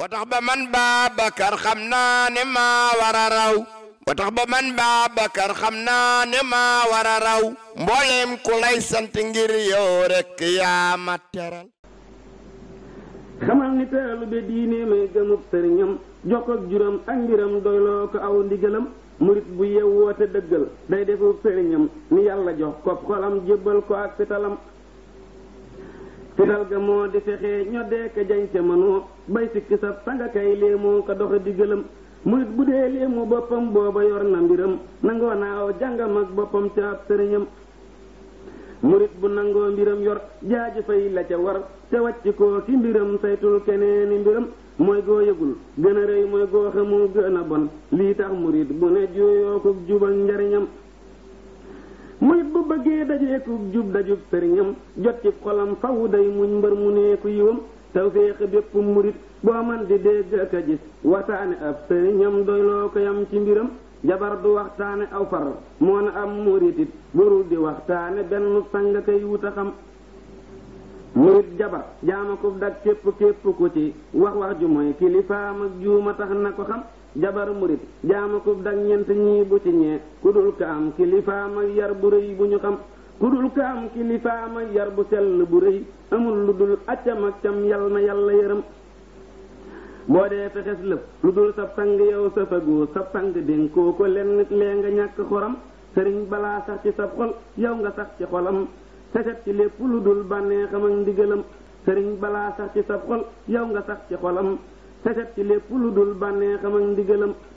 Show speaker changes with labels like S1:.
S1: ba tax ba man Babacar xam naa ne maa war tax ba man Babacar xam naa ne maa war raw mbooleem ku lay sant ngir yow rek yaa ma teral
S2: xamal ni teelu be diine may gëmub sëriñam jokk ak juram ak mbiram doyloo ko aw ndigalam murit bu yewwoo te dëggal day defub sëriñam ni yàlla jox ko xolam jébbal ko ak setalam fetal ga moo di fexe ñoddee ka jañ ca mënoo bay sikki sab sanga kay léemoo ka doxe di gëlëm murit bu dee léemu boppam booba yor na mbiram nangoo naaw jàngam ak boppam ca ab sëriñam murit bu nangoo mbiram yor jaaji fay la ca war te wàcc ki mbiram saytul keneeni mbiram mooy goo yëgul gën a rëy mooy goo xamu gën a bon lii tax murit bu ne juyoo ko jubal njariñam murit bu bëggee dajeeku jub dajub sëriñam jot ci xolam fawu day muñ mbër mu neeku yiwam tawféex bépp murit boo man di dégg ak a gis waxtaane ab sëriñam doyloo ko yam ci mbiram jabar du waxtaane aw far moo na am muritit burul di waxtaane benn sang kay wuta xam murit jabar jaama ko dak képp képp ku ci wax wax ju mooy kilifaam ak juuma tax na ko xam jabar murit jaama ko dak ñent ñii bu ci ñee ku dul ka am kilifaam ak yar bu rëy bu ñu xam ku dul ka am kilifaam ak yar bu sell bu rëy amul lu dul accam ak cam yal na yàlla yërëm boo dee fexes lëf lu dul sab sang yow sa fagu sab sang dénkoo ko lenn lee nga ñàkk xoram sëriñ balaa sax ci sab xol yow nga sax ci xolam sagat ci lépp lu dul bànneexam ak gëlëm sëriñ balaa sax ci sab xol yow nga sax ci xolam sagat ci lépp lu dul xam bànneexam ak gëlëm